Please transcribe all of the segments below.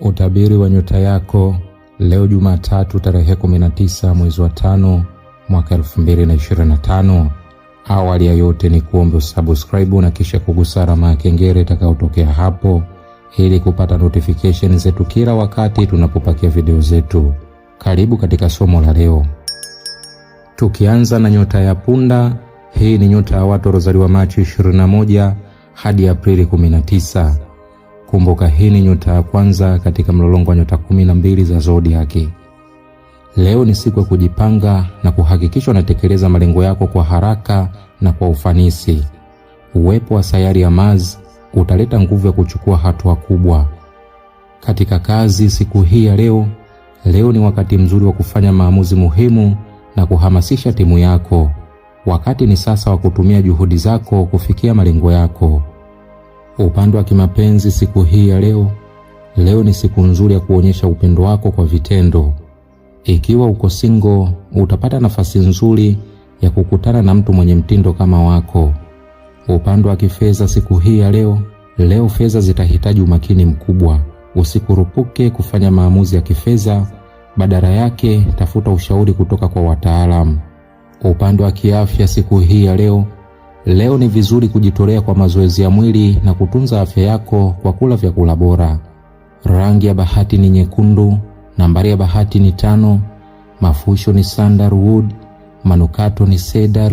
Utabiri wa nyota yako leo Jumatatu tarehe 19 mwezi wa tano mwaka 2025. Awali ya yote ni kuombe usubscribe na kisha kugusa alama ya kengele itakayotokea hapo ili kupata notification zetu kila wakati tunapopakia video zetu. Karibu katika somo la leo, tukianza na nyota ya punda. Hii ni nyota ya watu waliozaliwa Machi 21 hadi Aprili 19. Kumbuka hii ni nyota ya kwanza katika mlolongo wa nyota kumi na mbili za zodiaki. Leo ni siku ya kujipanga na kuhakikisha unatekeleza malengo yako kwa haraka na kwa ufanisi. Uwepo wa sayari ya Mars utaleta nguvu ya kuchukua hatua kubwa katika kazi siku hii ya leo. Leo ni wakati mzuri wa kufanya maamuzi muhimu na kuhamasisha timu yako. Wakati ni sasa wa kutumia juhudi zako kufikia malengo yako. Upande wa kimapenzi siku hii ya leo, leo ni siku nzuri ya kuonyesha upendo wako kwa vitendo. Ikiwa uko single, utapata nafasi nzuri ya kukutana na mtu mwenye mtindo kama wako. Upande wa kifedha siku hii ya leo, leo fedha zitahitaji umakini mkubwa. Usikurupuke kufanya maamuzi ya kifedha, badala yake tafuta ushauri kutoka kwa wataalamu. Upande wa kiafya siku hii ya leo, Leo ni vizuri kujitolea kwa mazoezi ya mwili na kutunza afya yako kwa kula vyakula bora. Rangi ya bahati ni nyekundu, nambari ya bahati ni tano, mafusho ni sandalwood, manukato ni cedar.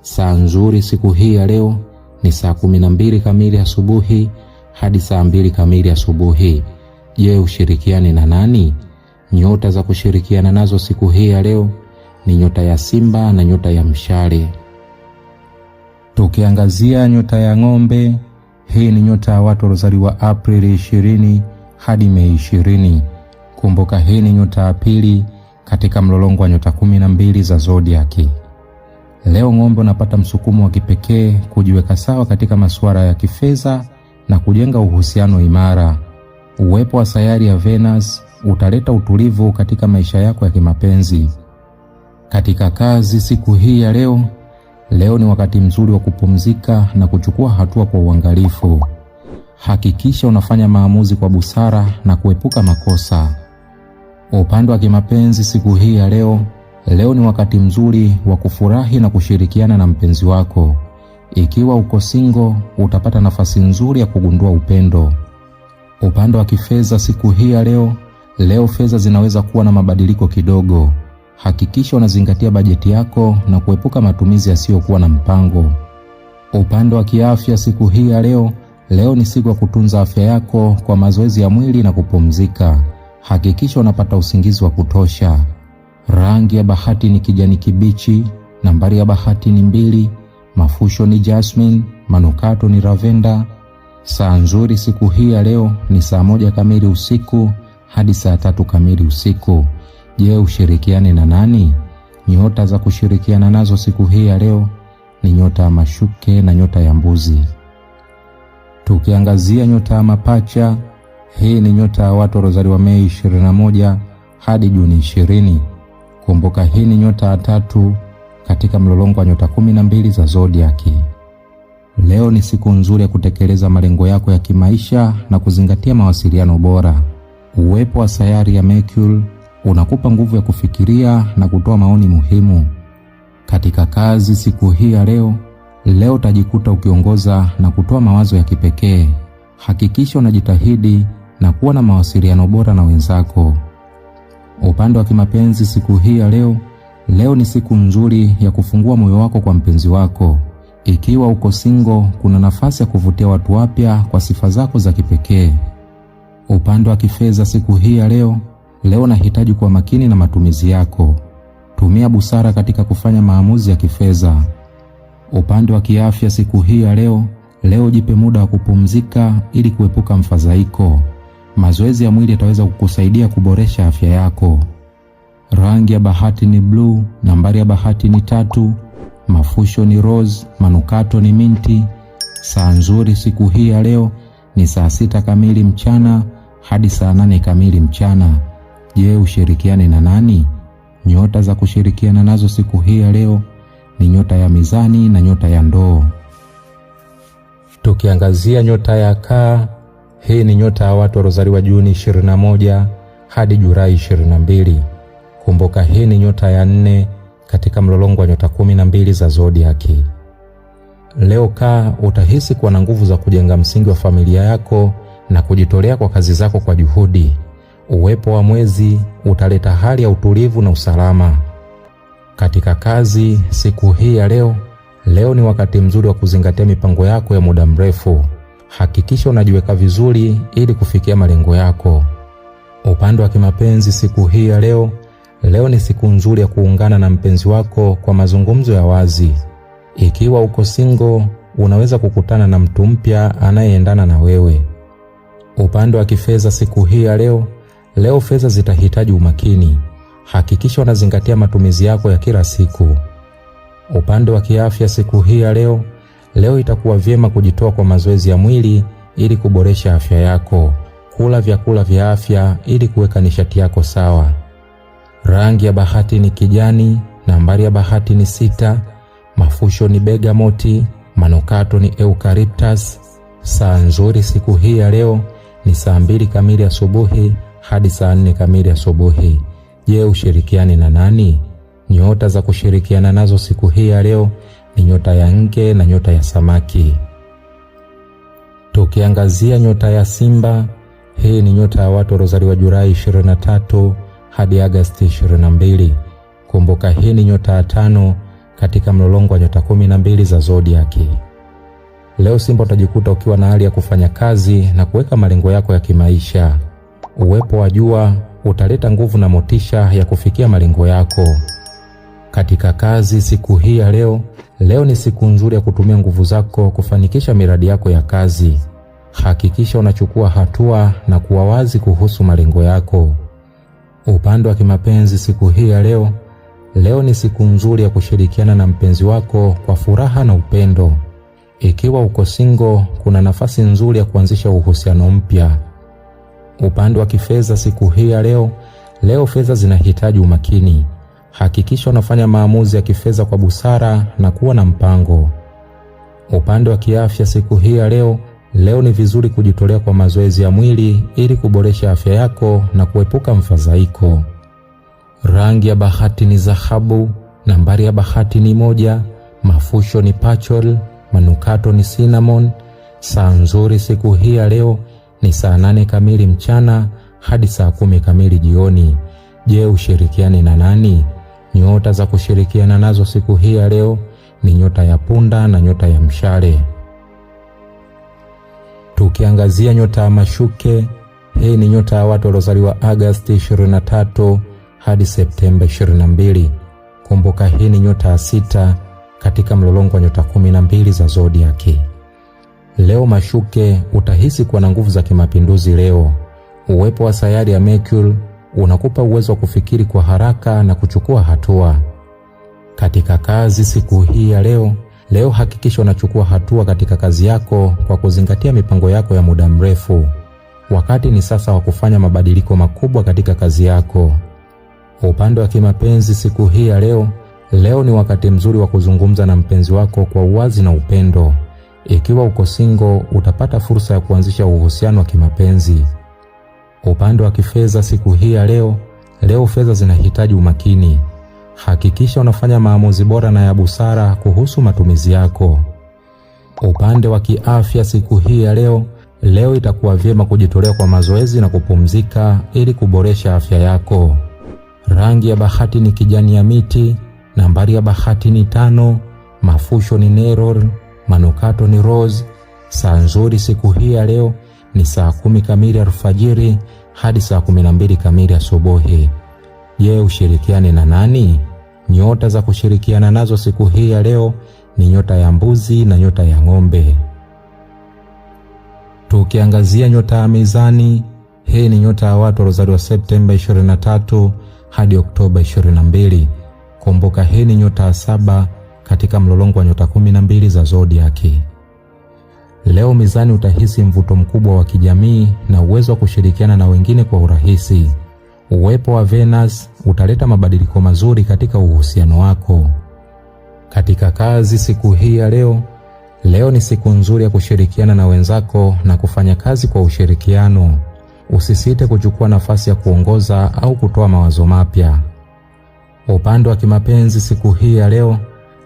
Saa nzuri siku hii ya leo ni saa kumi na mbili kamili asubuhi hadi saa mbili kamili asubuhi. Je, ushirikiane na nani? Nyota za kushirikiana nazo siku hii ya leo ni nyota ya Simba na nyota ya Mshale. Tukiangazia nyota ya ng'ombe, hii ni nyota ya watu waliozaliwa Aprili 20 hadi Mei 20. Kumbuka, hii ni nyota ya pili katika mlolongo wa nyota kumi na mbili za zodiaki. Leo ng'ombe unapata msukumo wa kipekee kujiweka sawa katika masuala ya kifedha na kujenga uhusiano imara. Uwepo wa sayari ya Venus utaleta utulivu katika maisha yako ya kimapenzi. Katika kazi siku hii ya leo Leo ni wakati mzuri wa kupumzika na kuchukua hatua kwa uangalifu. Hakikisha unafanya maamuzi kwa busara na kuepuka makosa. Upande wa kimapenzi siku hii ya leo, leo ni wakati mzuri wa kufurahi na kushirikiana na mpenzi wako. Ikiwa uko single, utapata nafasi nzuri ya kugundua upendo. Upande wa kifedha siku hii ya leo, leo fedha zinaweza kuwa na mabadiliko kidogo. Hakikisha unazingatia bajeti yako na kuepuka matumizi yasiyokuwa na mpango. Upande wa kiafya siku hii ya leo, leo ni siku ya kutunza afya yako kwa mazoezi ya mwili na kupumzika. Hakikisha unapata usingizi wa kutosha. Rangi ya bahati ni kijani kibichi. Nambari ya bahati ni mbili. Mafusho ni jasmine, manukato ni lavenda. Saa nzuri siku hii ya leo ni saa moja kamili usiku hadi saa tatu kamili usiku. Je, ushirikiane na nani? Nyota za kushirikiana nazo siku hii ya leo ni nyota ya mashuke na nyota ya mbuzi. Tukiangazia nyota ya mapacha, hii ni nyota ya watu waliozaliwa Mei 21 hadi Juni 20. Kumbuka hii ni nyota ya tatu katika mlolongo wa nyota kumi na mbili za zodiaki. Leo ni siku nzuri ya kutekeleza malengo yako ya kimaisha na kuzingatia mawasiliano bora. Uwepo wa sayari ya Mercury unakupa nguvu ya kufikiria na kutoa maoni muhimu katika kazi. Siku hii ya leo leo utajikuta ukiongoza na kutoa mawazo ya kipekee. Hakikisha unajitahidi na kuwa na mawasiliano bora na wenzako. Upande wa kimapenzi, siku hii ya leo leo ni siku nzuri ya kufungua moyo wako kwa mpenzi wako. Ikiwa uko single, kuna nafasi ya kuvutia watu wapya kwa sifa zako za kipekee. Upande wa kifedha, siku hii ya leo Leo nahitaji kuwa makini na matumizi yako. Tumia busara katika kufanya maamuzi ya kifedha. Upande wa kiafya siku hii ya leo, leo jipe muda wa kupumzika ili kuepuka mfadhaiko. Mazoezi ya mwili yataweza kukusaidia kuboresha afya yako. Rangi ya bahati ni bluu, nambari ya bahati ni tatu, mafusho ni rose, manukato ni minti. Saa nzuri siku hii ya leo ni saa sita kamili mchana hadi saa nane kamili mchana. Je, ushirikiane na nani? Nyota za kushirikiana nazo siku hii ya leo ni nyota ya mizani na nyota ya ndoo. Tukiangazia nyota ya kaa, hii ni nyota ya watu waliozaliwa Juni 21 hadi Julai 22. Kumbuka, hii ni nyota ya nne katika mlolongo wa nyota kumi na mbili za zodiaki. Leo kaa, utahisi kuwa na nguvu za kujenga msingi wa familia yako na kujitolea kwa kazi zako kwa juhudi. Uwepo wa mwezi utaleta hali ya utulivu na usalama katika kazi. Siku hii ya leo, leo ni wakati mzuri wa kuzingatia mipango yako ya muda mrefu. Hakikisha unajiweka vizuri ili kufikia malengo yako. Upande wa kimapenzi, siku hii ya leo, leo ni siku nzuri ya kuungana na mpenzi wako kwa mazungumzo ya wazi. Ikiwa uko single, unaweza kukutana na mtu mpya anayeendana na wewe. Upande wa kifedha, siku hii ya leo Leo fedha zitahitaji umakini. Hakikisha unazingatia matumizi yako ya kila siku. Upande wa kiafya siku hii ya leo, leo itakuwa vyema kujitoa kwa mazoezi ya mwili ili kuboresha afya yako. Kula vyakula vya afya ili kuweka nishati yako sawa. Rangi ya bahati ni kijani, nambari ya bahati ni sita, mafusho ni begamoti, manukato ni eucalyptus. Saa nzuri siku hii ya leo ni saa mbili kamili asubuhi hadi saa nne kamili asubuhi. Je, ushirikiane na nani? Nyota za kushirikiana nazo siku hii ya leo ni nyota ya nge na nyota ya samaki. Tukiangazia nyota ya Simba, hii ni nyota ya watu waliozaliwa Julai 23 hadi Agasti 22. Kumbuka, hii ni nyota ya tano katika mlolongo wa nyota kumi na mbili za zodiaki. Leo Simba, utajikuta ukiwa na hali ya kufanya kazi na kuweka malengo yako ya kimaisha. Uwepo wa jua utaleta nguvu na motisha ya kufikia malengo yako katika kazi siku hii ya leo. Leo ni siku nzuri ya kutumia nguvu zako kufanikisha miradi yako ya kazi. Hakikisha unachukua hatua na kuwa wazi kuhusu malengo yako. Upande wa kimapenzi siku hii ya leo, leo ni siku nzuri ya kushirikiana na mpenzi wako kwa furaha na upendo. Ikiwa uko single, kuna nafasi nzuri ya kuanzisha uhusiano mpya. Upande wa kifedha siku hii ya leo, leo fedha zinahitaji umakini. Hakikisha unafanya maamuzi ya kifedha kwa busara na kuwa na mpango. Upande wa kiafya siku hii ya leo, leo ni vizuri kujitolea kwa mazoezi ya mwili ili kuboresha afya yako na kuepuka mfadhaiko. Rangi ya bahati ni dhahabu, nambari ya bahati ni moja, mafusho ni pachol, manukato ni cinnamon. Saa nzuri siku hii ya leo ni saa nane kamili mchana hadi saa kumi kamili jioni. Je, ushirikiane na nani? Nyota za kushirikiana nazo siku hii ya leo ni nyota ya punda na nyota ya mshale. Tukiangazia nyota ya mashuke, hii ni nyota ya watu waliozaliwa Agasti 23 hadi Septemba 22. Kumbuka, hii ni nyota ya sita katika mlolongo wa nyota 12 za zodiaki. Leo Mashuke, utahisi kuwa na nguvu za kimapinduzi leo. Uwepo wa sayari ya Mercury unakupa uwezo wa kufikiri kwa haraka na kuchukua hatua katika kazi siku hii ya leo. Leo hakikisha unachukua hatua katika kazi yako kwa kuzingatia mipango yako ya muda mrefu. Wakati ni sasa wa kufanya mabadiliko makubwa katika kazi yako. Upande wa kimapenzi siku hii ya leo, leo ni wakati mzuri wa kuzungumza na mpenzi wako kwa uwazi na upendo. Ikiwa uko single, utapata fursa ya kuanzisha uhusiano wa kimapenzi. Upande wa kifedha siku hii ya leo, leo fedha zinahitaji umakini. Hakikisha unafanya maamuzi bora na ya busara kuhusu matumizi yako. Upande wa kiafya siku hii ya leo, leo itakuwa vyema kujitolea kwa mazoezi na kupumzika ili kuboresha afya yako. Rangi ya bahati ni kijani ya miti. Nambari ya bahati ni tano. Mafusho ni nerol. Manukato ni Rose. Saa nzuri siku hii ya leo ni saa kumi kamili alfajiri hadi saa kumi na mbili kamili asubuhi. Je, ushirikiane na nani? Nyota za kushirikiana nazo siku hii ya leo ni nyota ya mbuzi na nyota ya ng'ombe. Tukiangazia nyota ya mizani, hii ni nyota ya watu waliozaliwa Septemba 23 hadi Oktoba 22. Kumbuka, hii ni nyota ya saba katika mlolongo wa nyota kumi na mbili za zodiaki. Leo mizani, utahisi mvuto mkubwa wa kijamii na uwezo wa kushirikiana na wengine kwa urahisi. Uwepo wa Venus utaleta mabadiliko mazuri katika uhusiano wako. Katika kazi siku hii ya leo, leo ni siku nzuri ya kushirikiana na wenzako na kufanya kazi kwa ushirikiano. Usisite kuchukua nafasi ya kuongoza au kutoa mawazo mapya. Upande wa kimapenzi siku hii ya leo,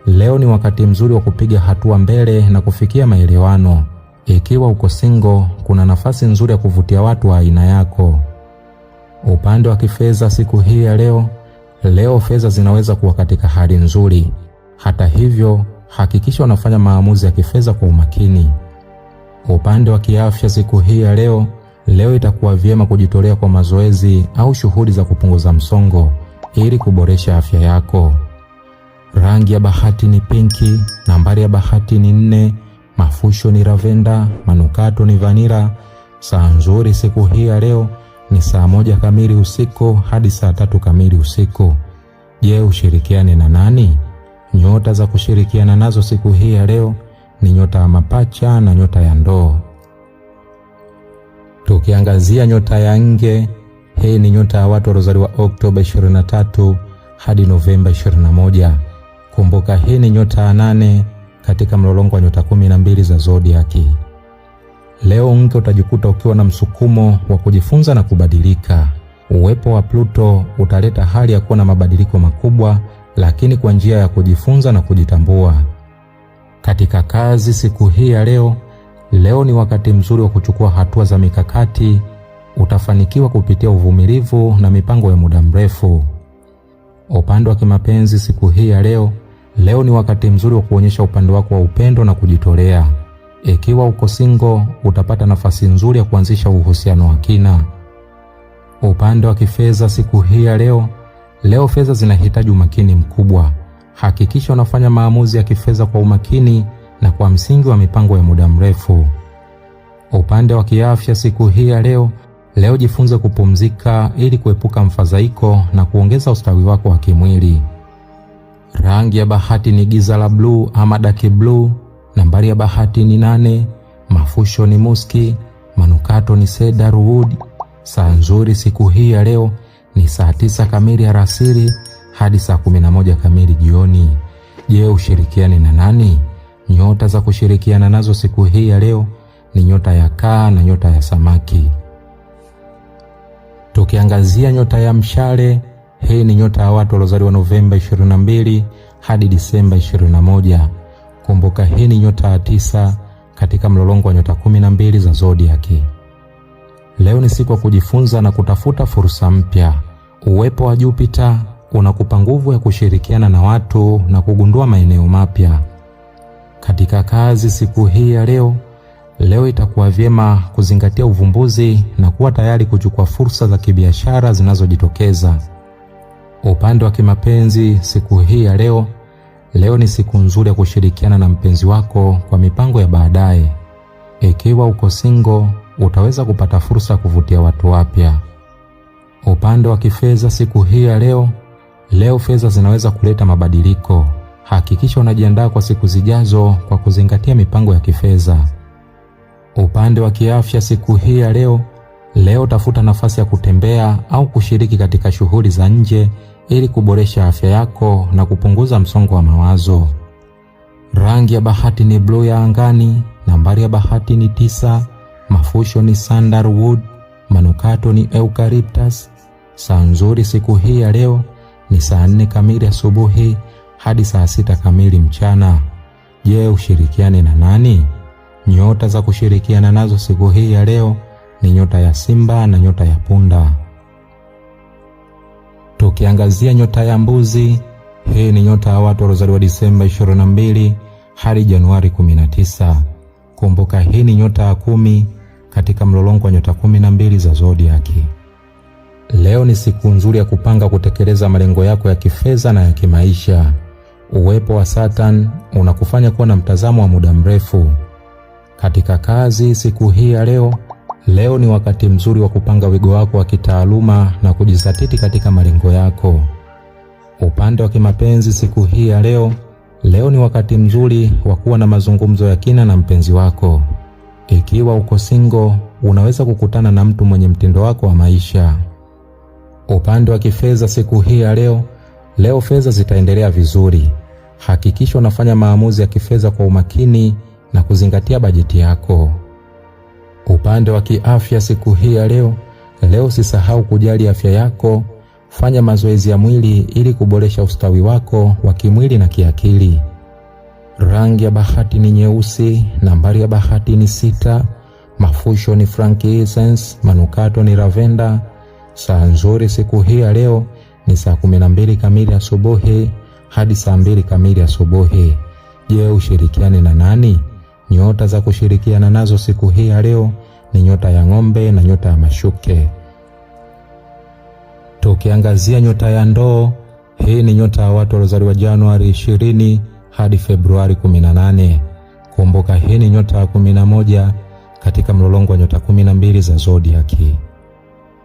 Leo ni wakati mzuri wa kupiga hatua mbele na kufikia maelewano. Ikiwa uko single, kuna nafasi nzuri ya kuvutia watu wa aina yako. Upande wa kifedha siku hii ya leo, leo fedha zinaweza kuwa katika hali nzuri. Hata hivyo, hakikisha unafanya maamuzi ya kifedha kwa umakini. Upande wa kiafya siku hii ya leo, leo itakuwa vyema kujitolea kwa mazoezi au shughuli za kupunguza msongo ili kuboresha afya yako. Rangi ya bahati ni pinki, nambari ya bahati ni nne, mafusho ni ravenda, manukato ni vanira. Saa nzuri siku hii ya leo ni saa moja kamili usiku hadi saa tatu kamili usiku. Je, ushirikiane na nani? Nyota za kushirikiana nazo siku hii ya leo ni nyota ya mapacha na nyota ya ndoo. Tukiangazia nyota ya nge, hii ni nyota ya watu waliozaliwa Oktoba 23 hadi Novemba 21. Kumbuka hii ni nyota ya nane katika mlolongo wa nyota kumi na mbili za zodiaki. Leo mke utajikuta ukiwa na msukumo wa kujifunza na kubadilika. Uwepo wa Pluto utaleta hali ya kuwa na mabadiliko makubwa, lakini kwa njia ya kujifunza na kujitambua. Katika kazi siku hii ya leo, leo ni wakati mzuri wa kuchukua hatua za mikakati. Utafanikiwa kupitia uvumilivu na mipango ya muda mrefu. Upande wa kimapenzi siku hii ya leo Leo ni wakati mzuri wa kuonyesha upande wako wa upendo na kujitolea. Ikiwa uko single, utapata nafasi nzuri ya kuanzisha uhusiano wa kina. Upande wa kifedha siku hii ya leo, leo fedha zinahitaji umakini mkubwa. Hakikisha unafanya maamuzi ya kifedha kwa umakini na kwa msingi wa mipango ya muda mrefu. Upande wa kiafya siku hii ya leo, leo jifunze kupumzika ili kuepuka mfadhaiko na kuongeza ustawi wako wa kimwili. Rangi ya bahati ni giza la bluu ama dark bluu. Nambari ya bahati ni nane. Mafusho ni muski, manukato ni cedar wood. Saa nzuri siku hii ya leo ni saa tisa kamili alasiri hadi saa kumi na moja kamili jioni. Je, ushirikiane na nani? Nyota za kushirikiana nazo siku hii ya leo ni nyota ya kaa na nyota ya samaki. Tukiangazia nyota ya mshale hii ni nyota ya watu waliozaliwa Novemba 22 hadi Disemba 21. Kumbuka, hii ni nyota ya tisa katika mlolongo wa nyota 12 za zodiaki. Leo ni siku ya kujifunza na kutafuta fursa mpya. Uwepo wa Jupita unakupa nguvu ya kushirikiana na watu na kugundua maeneo mapya katika kazi. Siku hii ya leo leo itakuwa vyema kuzingatia uvumbuzi na kuwa tayari kuchukua fursa za kibiashara zinazojitokeza. Upande wa kimapenzi siku hii ya leo, leo ni siku nzuri ya kushirikiana na mpenzi wako kwa mipango ya baadaye. Ikiwa uko single, utaweza kupata fursa ya kuvutia watu wapya. Upande wa kifedha siku hii ya leo, leo fedha zinaweza kuleta mabadiliko. Hakikisha unajiandaa kwa siku zijazo kwa kuzingatia mipango ya kifedha. Upande wa kiafya siku hii ya leo, leo tafuta nafasi ya kutembea au kushiriki katika shughuli za nje ili kuboresha afya yako na kupunguza msongo wa mawazo. Rangi ya bahati ni bluu ya angani, nambari ya bahati ni tisa, mafusho ni sandalwood, manukato ni eucalyptus. Saa nzuri siku hii ya leo ni saa nne kamili asubuhi hadi saa sita kamili mchana. Je, ushirikiane na nani? Nyota za kushirikiana nazo siku hii ya leo ni nyota ya Simba na nyota ya Punda tukiangazia nyota ya mbuzi. Hii ni nyota ya watu waliozaliwa Disemba 22 hadi Januari 19. Kumbuka, hii ni nyota ya kumi katika mlolongo wa nyota mbili za zodiaki. Leo ni siku nzuri ya kupanga kutekeleza malengo yako ya kifedha na ya kimaisha. Uwepo wa Saturn unakufanya kuwa na mtazamo wa muda mrefu katika kazi. Siku hii ya leo Leo ni wakati mzuri wa kupanga wigo wako wa kitaaluma na kujizatiti katika malengo yako. Upande wa kimapenzi siku hii ya leo, leo ni wakati mzuri wa kuwa na mazungumzo ya kina na mpenzi wako. Ikiwa uko single, unaweza kukutana na mtu mwenye mtindo wako wa maisha. Upande wa kifedha siku hii ya leo, leo fedha zitaendelea vizuri. Hakikisha unafanya maamuzi ya kifedha kwa umakini na kuzingatia bajeti yako. Upande wa kiafya siku hii ya leo, leo usisahau kujali afya yako. Fanya mazoezi ya mwili ili kuboresha ustawi wako wa kimwili na kiakili. Rangi ya bahati ni nyeusi. Nambari ya bahati ni sita. Mafusho ni frankincense, manukato ni lavenda. Saa nzuri siku hii ya leo ni saa 12 kamili asubuhi hadi saa 2 kamili asubuhi. Je, ushirikiane na nani? Nyota za kushirikiana nazo siku hii ya leo ni nyota ya ng'ombe na nyota ya mashuke. Tukiangazia nyota ya ndoo, hii ni nyota ya watu waliozaliwa Januari 20 hadi Februari 18. Kumbuka, hii ni nyota ya 11 katika mlolongo wa nyota 12 za zodiaki.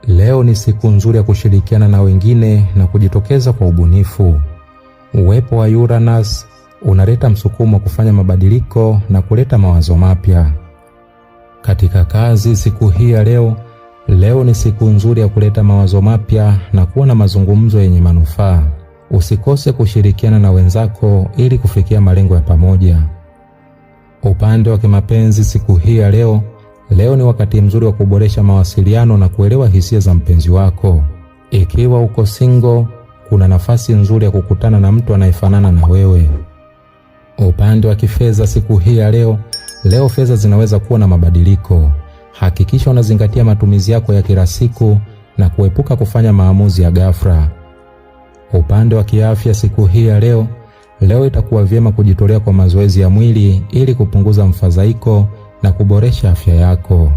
Leo ni siku nzuri ya kushirikiana na wengine na kujitokeza kwa ubunifu. Uwepo wa Uranus unaleta msukumo wa kufanya mabadiliko na kuleta mawazo mapya katika kazi siku hii ya leo. Leo ni siku nzuri ya kuleta mawazo mapya na kuwa na mazungumzo yenye manufaa. Usikose kushirikiana na wenzako ili kufikia malengo ya pamoja. Upande wa kimapenzi siku hii ya leo, leo ni wakati mzuri wa kuboresha mawasiliano na kuelewa hisia za mpenzi wako. Ikiwa uko single, kuna nafasi nzuri ya kukutana na mtu anayefanana na wewe. Upande wa kifedha siku hii ya leo, leo fedha zinaweza kuwa na mabadiliko. Hakikisha unazingatia matumizi yako ya kila siku na kuepuka kufanya maamuzi ya ghafla. Upande wa kiafya siku hii ya leo, leo itakuwa vyema kujitolea kwa mazoezi ya mwili ili kupunguza mfadhaiko na kuboresha afya yako.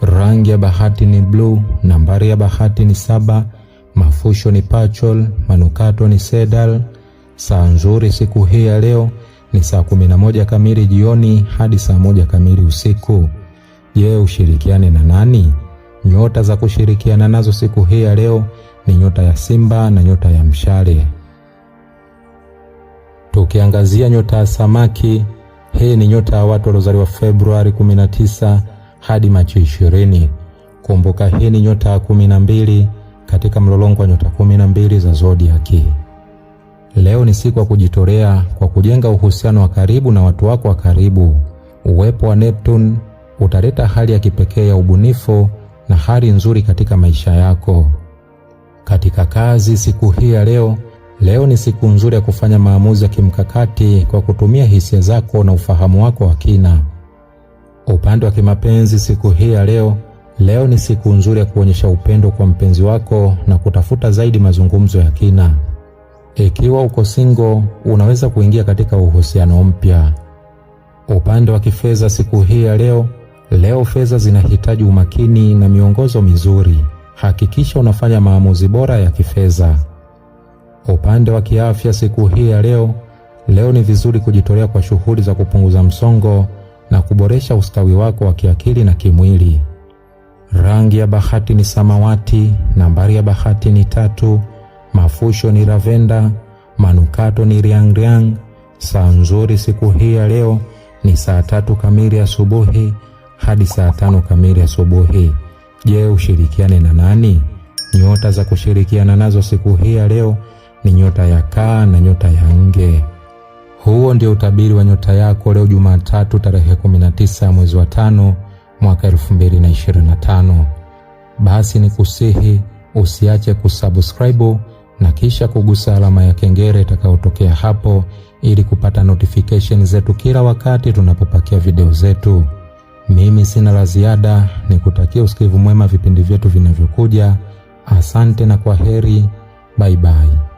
Rangi ya bahati ni bluu, nambari ya bahati ni saba, mafusho ni pachol, manukato ni sedal. Saa nzuri siku hii ya leo ni saa moja kamili jioni hadi saa moja kamili usiku. Je, ushirikiane na nani? Nyota za kushirikiana nazo siku hii ya leo ni nyota ya Simba na nyota ya Mshale. Tukiangazia nyota ya Samaki, hii ni nyota ya watu waliozaliwa Februari 19 hadi Machi ishirini Kumbuka, hii ni nyota ya kumi na mbili katika mlolongo wa nyota mbili za zodiaki. Leo ni siku ya kujitolea kwa kujenga uhusiano wa karibu na watu wako wa karibu. Uwepo wa Neptune utaleta hali ya kipekee ya ubunifu na hali nzuri katika maisha yako. Katika kazi siku hii ya leo, leo ni siku nzuri ya kufanya maamuzi ya kimkakati kwa kutumia hisia zako na ufahamu wako wa kina. Upande wa kimapenzi siku hii ya leo, leo ni siku nzuri ya kuonyesha upendo kwa mpenzi wako na kutafuta zaidi mazungumzo ya kina. Ikiwa uko single, unaweza kuingia katika uhusiano mpya. Upande wa kifedha siku hii ya leo, leo fedha zinahitaji umakini na miongozo mizuri. Hakikisha unafanya maamuzi bora ya kifedha. Upande wa kiafya siku hii ya leo, leo ni vizuri kujitolea kwa shughuli za kupunguza msongo na kuboresha ustawi wako wa kiakili na kimwili. Rangi ya bahati ni samawati. Nambari ya bahati ni tatu mafusho ni ravenda manukato ni riangriang. Saa nzuri siku hii ya leo ni saa tatu kamili asubuhi hadi saa tano kamili asubuhi. Je, ushirikiane na nani? Nyota za kushirikiana nazo siku hii ya leo ni nyota ya kaa na nyota ya nge. Huo ndio utabiri wa nyota yako leo Jumatatu tarehe 19 mwezi wa tano mwaka 2025. Basi ni kusihi usiache kusubscribe na kisha kugusa alama ya kengele itakayotokea hapo ili kupata notification zetu kila wakati tunapopakia video zetu. Mimi sina la ziada, ni kutakia usikivu mwema vipindi vyetu vinavyokuja. Asante na kwa heri, bye bye.